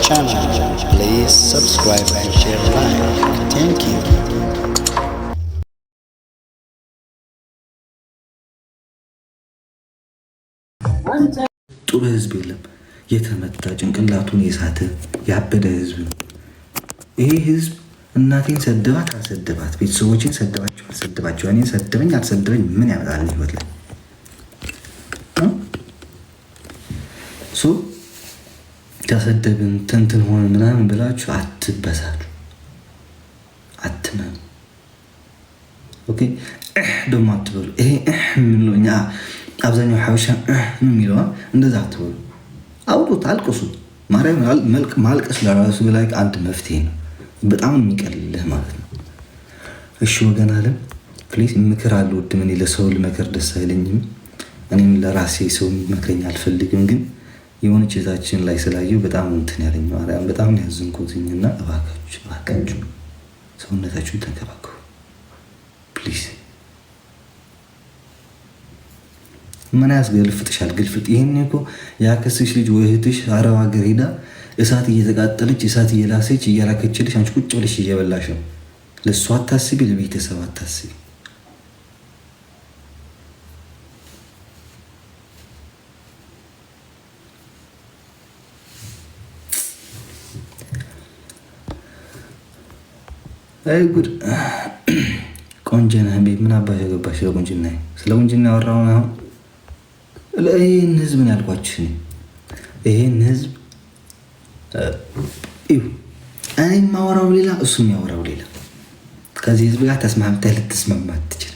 channel. Please subscribe and share like. Thank you. ጥሩ ህዝብ የለም። የተመታ ጭንቅላቱን የሳተ ያበደ ህዝብ ነው ይሄ ህዝብ። እናቴን ሰደባት አልሰደባት፣ ቤተሰቦችን ሰደባቸው አልሰደባቸው፣ እኔን ሰደበኝ አልሰደበኝ ምን ያመጣል ህይወት ላይ? ተሰደብን ትንትን ሆነ ምናምን ብላችሁ አትበሳሉ፣ አትመኑ። ኦኬ እህ ደሞ አትበሉ። ይሄ እህ የምንለው እኛ አብዛኛው ሓበሻ እህ የሚለዋ እንደዛ አትበሉ። አውጡት፣ አልቅሱ። ማርያም ማልቀስ ለራሱ ላይ አንድ መፍትሄ ነው። በጣም የሚቀልልህ ማለት ነው። እሺ ወገን አለም ፕሊዝ ምክር አልወድም እኔ ለሰው ልመክር ደስ አይለኝም። እኔም ለራሴ ሰው መክረኝ አልፈልግም ግን የሆነ እህታችን ላይ ስላየው በጣም እንትን ያለኝ ማርያም በጣም ያዘንኩትኝ እና እባካችሁ እባካችሁ ሰውነታችሁን ተንከባከቡ ፕሊዝ። ምን ያስገልፍጥሻል? ግልፍጥ ይህን እኮ ያከስሽ ልጅ ወይ እህትሽ አረብ ሀገር ሄዳ እሳት እየተቃጠለች እሳት እየላሰች እያላከችልሽ አንቺ ቁጭ ብለሽ እየበላሽ ነው። ለእሷ አታስቢ፣ ለቤተሰብ አታስቢ። አይ ጉድ ቆንጆ ነህ ቤት ምን አባሽ ገባሽ? ስለ ቁንጅና ስለ ቁንጅና ያወራውን አሁን ይህን ህዝብ ነው ያልኳችሁ። ይህን ህዝብ ይሁ እኔ የማወራው ሌላ፣ እሱ የሚያወራው ሌላ። ከዚህ ህዝብ ጋር ተስማምተህ ልትስማማ ትችል።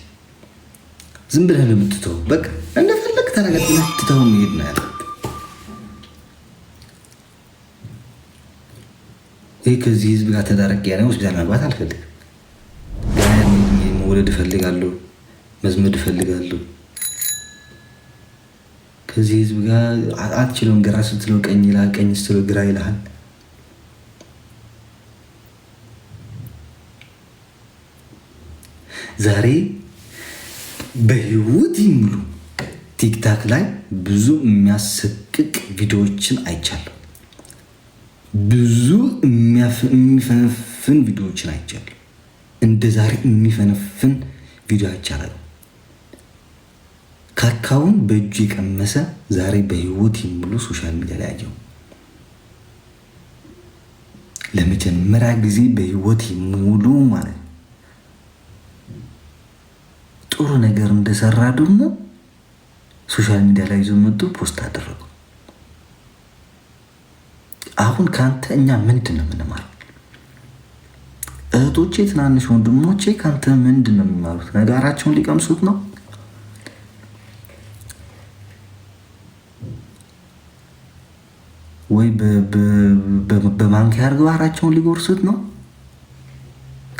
ዝም ብለህ ነው የምትተወው። በቃ እንደፈለግ ተረገጥና ትተው ሄድ ነው ያለ። ይህ ከዚህ ህዝብ ጋር ተዳረቅ ያለ ሆስፒታል መግባት አልፈልግም። ዘመድ እፈልጋለሁ፣ መዝመድ እፈልጋለሁ። ከዚህ ህዝብ ጋር አትችለውም። ግራ ስትለው ቀኝ ይልሃል፣ ቀኝ ስትለው ግራ ይልሃል። ዛሬ በህይወት ይምሉ ቲክታክ ላይ ብዙ የሚያሰቅቅ ቪዲዮዎችን አይቻለሁ። ብዙ የሚያፈንፍን ቪዲዮዎችን አይቻለሁ። እንደ ዛሬ የሚፈነፍን ቪዲዮ አይቻላል። ካካውን በእጁ የቀመሰ ዛሬ በህይወት የሚሉ ሶሻል ሚዲያ ላይ አየው። ለመጀመሪያ ጊዜ በህይወት የሚውሉ ማለት ነው። ጥሩ ነገር እንደሰራ ደግሞ ሶሻል ሚዲያ ላይ ይዞ መጡ፣ ፖስት አደረጉ። አሁን ከአንተ እኛ ምንድን ነው የምንማረው? እህቶቼ፣ ትናንሽ ወንድሞቼ ከአንተ ምንድን ነው የሚማሩት? ነጋራቸውን ሊቀምሱት ነው? ወይ በማንኪያ ምግባራቸውን ሊጎርሱት ነው?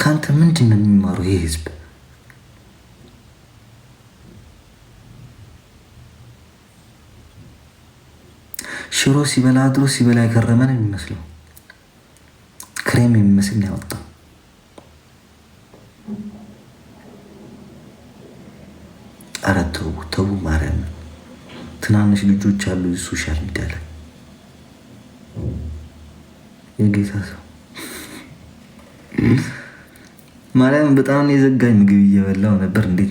ከአንተ ምንድን ነው የሚማሩ ይህ ህዝብ? ሽሮ ሲበላ አድሮ ሲበላ የከረመን የሚመስለው ክሬም የሚመስል ያወጣው ኧረ ተው ተው፣ ማርያምን ትናንሽ ልጆች አሉ ሶሻል ሚዲያ ላይ የጌታ ሰው ማርያም በጣም የዘጋኝ ምግብ እየበላው ነበር። እንዴት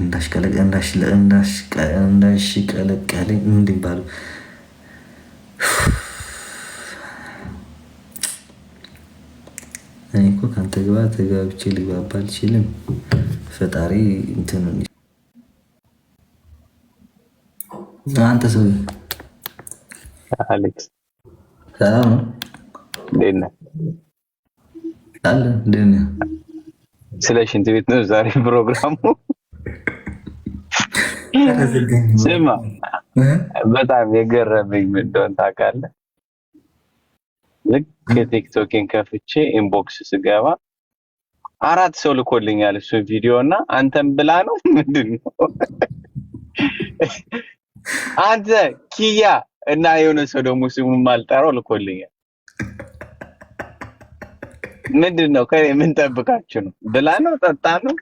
እንዳሽቀለቀለኝ ምንድን ባሉ እኔ እኮ ከአንተ ግባ ተጋብቼ ልግባባ አልችልም። ፈጣሪ እንትኑን አንተ ሰው አሌክስ ሰላም ነው? አለ እንዴት ስለ ሽንት ቤት ነው ዛሬ ፕሮግራሙ። ስማ በጣም የገረመኝ ምን ታውቃለህ? ልክ ቲክቶኬን ከፍቼ ኢንቦክስ ስገባ አራት ሰው ልኮልኛል እሱን ቪዲዮ እና አንተን ብላ ነው ምንድን ነው አንተ ኪያ እና የሆነ ሰው ደግሞ ስሙን አልጠራው ልኮልኛል። ምንድን ነው ከ ምን ጠብቃችሁ ነው? ብላ ነው ጠጣ ነው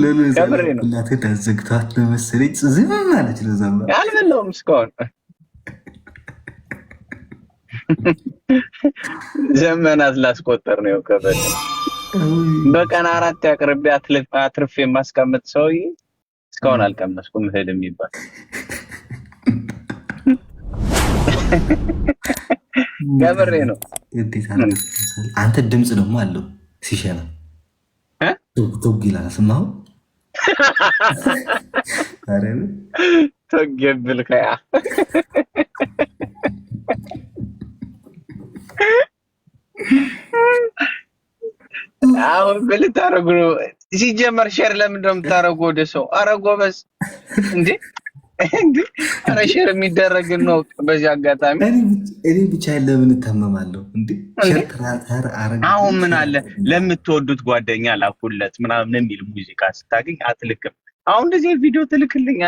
ለሎዛናት ዳዘግቷት ለመሰለኝ ዝም ማለች። ለዛ አልበላውም እስካሁን ዘመናት ላስቆጠር ነው ከበደ በቀን አራት ያቅርቤ አትርፌ የማስቀምጥ ሰውዬ እስካሁን አልቀመስኩም። እህል የሚባል ገብሬ ነው። አንተ ድምፅ ደግሞ አለው ሲሸና ቶግ ይላል። ስማሁ ቶግ ከያ አሁን ምን ነው? ሲጀመር ሼር ለምንድን ነው የምታረጉ? ወደ ሰው አረጎ በስ እንዴ እንዴ! አረ ሼር የሚደረግ ነው። በዚህ አጋጣሚ እኔ ብቻ ለምን እታመማለሁ አሁን ምን አለ ለምትወዱት ጓደኛ ላኩለት ምናምን የሚል ሙዚቃ ስታገኝ አትልክም? አሁን እንደዚህ ቪዲዮ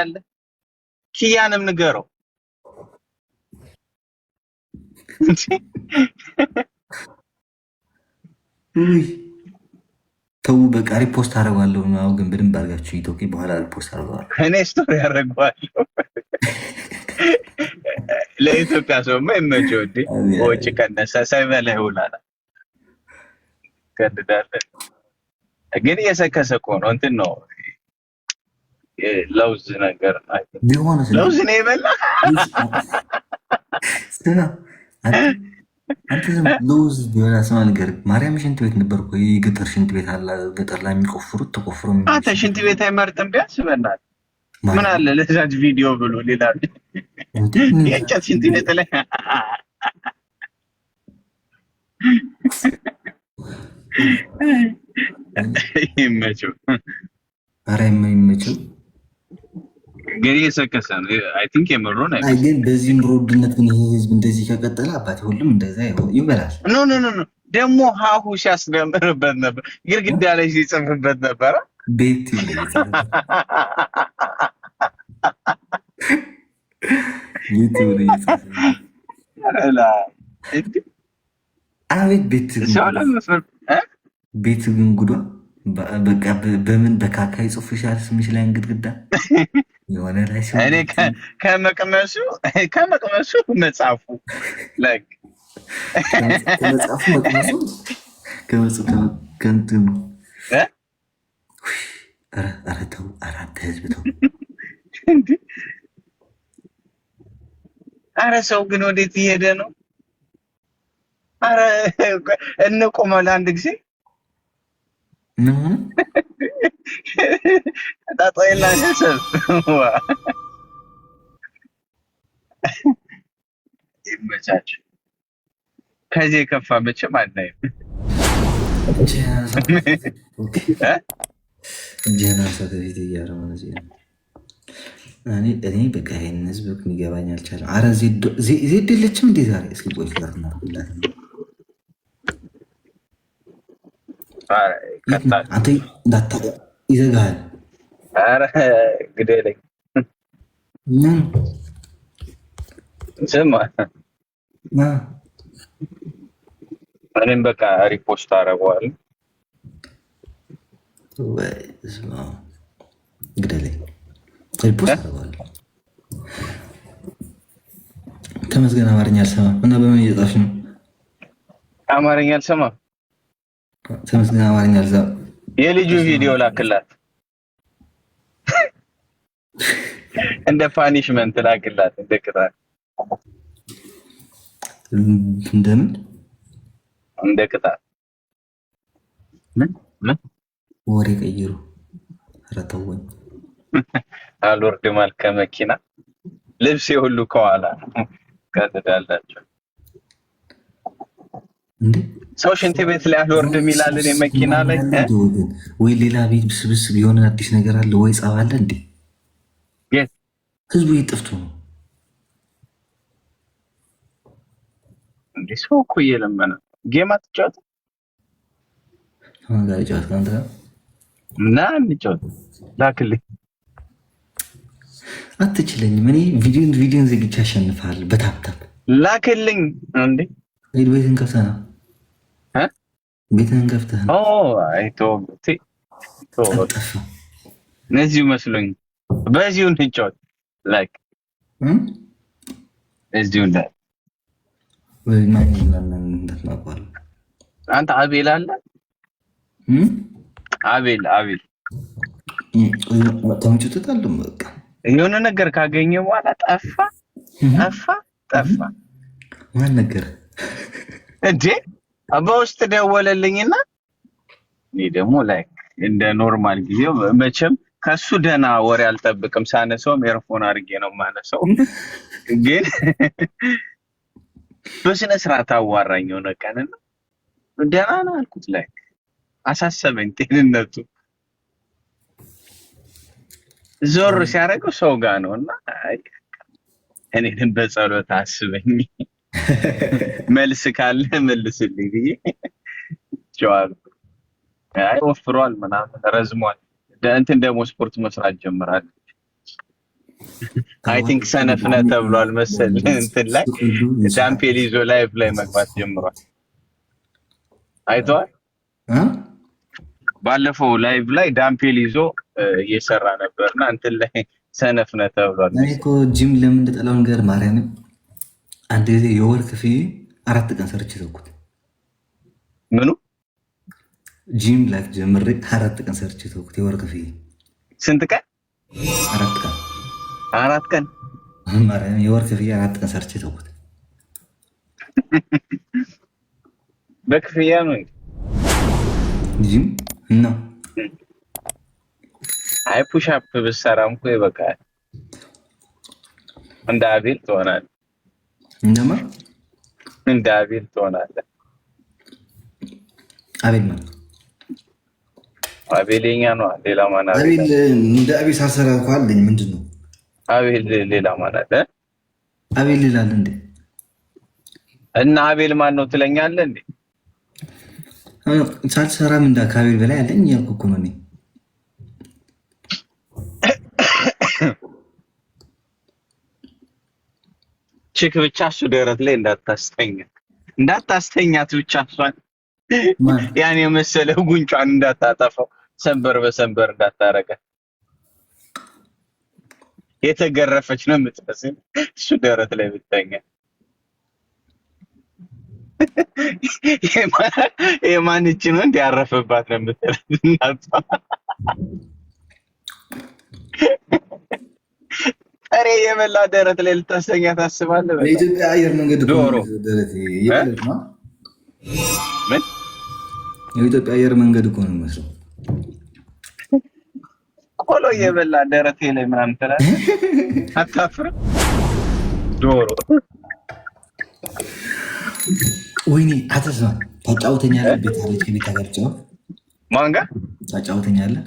አለ? ኪያንም ንገረው እንዴ ተው በቃ ሪፖስት አደርገዋለሁ። አሁን ግን በደንብ አድርጋችሁ ኢትዮጵያ በኋላ ሪፖስት አደርገዋለሁ። እኔ ስቶሪ ያደርገዋለሁ። ለኢትዮጵያ ሰውማ ይመቸ ወዴ ወጭ ቀነሰ ሳይበላ ይውላል። ቀድዳለን ግን እየሰከሰ እኮ ነው። እንትን ነው ለውዝ ነገር ለውዝ ነው የበላ አንተ ዝም ለውዝ የሆነ ስማ ነገር ማርያም ሽንት ቤት ነበር እኮ የገጠር ሽንት ቤት አለ። ገጠር ላይ የሚቆፍሩት ተቆፍሮ አንተ ሽንት ቤት አይመርጥም። ቢያንስ በእናትህ ምን አለ ለዛች ቪዲዮ ብሎ ሌላ የእንጨት ሽንት ቤት ላይ ይመቸው። ኧረ ይመቸው ግን የሰከሰ ነው። አይ ቲንክ የምሮን አይ ግን በዚህ ምሮ ውድነት ግን ይሄ ህዝብ እንደዚህ ከቀጠለ አባቴ ሁሉም እንደዛ ይበላል። ኖ ኖ ኖ ኖ ደግሞ ሀሁ ሲያስገምርበት ነበር፣ ግድግዳ ላይ ሲጽፍበት ነበረ። ቤት አቤት ቤት ቤት ግን ጉዷ በምን በካካይ ጽሑፍ ይሻል ስምሽ ላይ እንግድግዳ የሆነ ላይ እኔ ከመቅመሱ መጽሐፉ ከመጽሐፉ ኧረ ተው ህዝብ ተው። አረ ሰው ግን ወዴት እየሄደ ነው? አረ እንቆማል ለአንድ ጊዜ ጣጣይላ ሰብ ይመቻችሁ። ከዚህ የከፋ መቼም አናይም። እኔ በቃ ይህን ህዝብ የሚገባኝ አልቻለም። አረ ዜድ የለችም እንዴ ዛሬ? እስኪ ቆይ እንዳታ ይዘጋል። እኔም በቃ ሪፖስት አረገዋል። ግደለኝ። ሪፖስት አረገዋል። ተመስገን አማርኛ አልሰማም እና በምን እየጻፍሽ ነው? አማርኛ አልሰማም ተመስገን አማርኛ አልዛ የልጁ ቪዲዮ ላክላት፣ እንደ ፓኒሽመንት ላክላት፣ እንደ ቅጣት እንደምን እንደ ቅጣት ምን ምን ወሬ ቀይሩ። ኧረ ተወኝ አልወርድም አልከ መኪና ልብሴ ሁሉ ከኋላ ቀድዳላቸው ሰው ሽንት ቤት ላይ አልወርድም ይላል። እኔ መኪና ላይ ወይ ሌላ ቤት ብስብስብ የሆነ አዲስ ነገር አለ ወይ ጸብ አለ እንዴ? ህዝቡ የጥፍቱ ነው እንዴ? ሰው እኮ እየለመነ ጌም አትጫወት ጋር ጫወት ከአንተ ጋር እና እንጫወት ላክልኝ። አትችለኝም። እኔ ቪዲዮን ቪዲዮን ዘግቼ አሸንፋለሁ። በታብታብ ላክልኝ እንዴ ቤት ቤትን ነው ቤትህን ገብተህ እነዚሁ መስሎኝ በዚሁ እንጫወት። ላይክ እዚሁ አንተ አቤል አለ አቤል አቤል የሆነ ነገር ካገኘ በኋላ ጠፋ ጠፋ ጠፋ። ማን ነገር እንዴ በውስጥ ደወለልኝና እኔ ደግሞ ላይክ እንደ ኖርማል ጊዜው መቼም ከሱ ደህና ወሬ አልጠብቅም። ሳነሰውም ኤርፎን አድርጌ ነው ማነሰው። ግን በስነ ስርዓት አዋራኝ የሆነ ቀንና ደህና ነው አልኩት። ላይክ አሳሰበኝ ጤንነቱ። ዞር ሲያደርገው ሰው ጋ ነው እና እኔንም በጸሎት አስበኝ መልስ ካለ መልስልኝ ብዬ ጨዋል ወፍሯል፣ ምናምን ረዝሟል። እንትን ደግሞ ስፖርት መስራት ጀምራል። አይ ቲንክ ሰነፍ ተብሏል መሰል እንትን ላይ ዳምፔል ይዞ ላይፍ ላይ መግባት ጀምሯል። አይተዋል። ባለፈው ላይቭ ላይ ዳምፔል ይዞ እየሰራ ነበርና እንትን ላይ ሰነፍነ ተብሏል። ጂም ለምን እንደጠላው ነገር ማርያምን አንድ ጊዜ የወር ክፍያ አራት ቀን ሰርቼ ተውኩት። ምኑ ጂም ላይፍ ጀምሬ አራት ቀን ሰርቼ ተውኩት። የወር ክፍያ ስንት ቀን? አራት ቀን አራት ቀን የወር ክፍያ አራት ቀን ሰርቼ ተውኩት። በክፍያ ነው ጂም እና አይ ፑሽ አፕ ብሰራም እኮ ይበቃል። እንደ አቤል ትሆናለህ እንደማር እንደ አቤል ትሆናለህ። አቤል ማለት አቤል የኛ ነው። ሌላ ማን አቤል? እንደ አቤል ሳሰራ እኮ አለኝ። ምንድን ነው አቤል? ሌላ ማን አለ? አቤል ሌላ አለ እንዴ? እና አቤል ማን ነው ትለኛለህ እንዴ? ሳልሰራም እንደ ከአቤል በላይ አለኝ እያልኩ እኮ ነው እኔ ቼክ ብቻ እሱ ደረት ላይ እንዳታስተኛ እንዳታስተኛት ብቻ እሷን ያን የመሰለ ጉንጯን እንዳታጠፈው ሰንበር በሰንበር እንዳታረገ የተገረፈች ነው የምትመስል እሱ ደረት ላይ ብተኛ የማንች ነው እንዲያረፈባት ነው የምትላት እናቷ እኔ የመላ ደረት ላይ ልታሰኛ ታስባለህ? የኢትዮጵያ አየር መንገድ ዶሮ የኢትዮጵያ አየር መንገድ እኮ ነው የሚመስለው። ቆሎ የበላ ደረቴ ላይ ምናምን ትላለህ። አታፍርም? ዶሮ ወይኔ አተስማ ታጫውተኛለህ። ቤት ቤት ሀገር ጭ ማን ጋር ታጫውተኛለህ?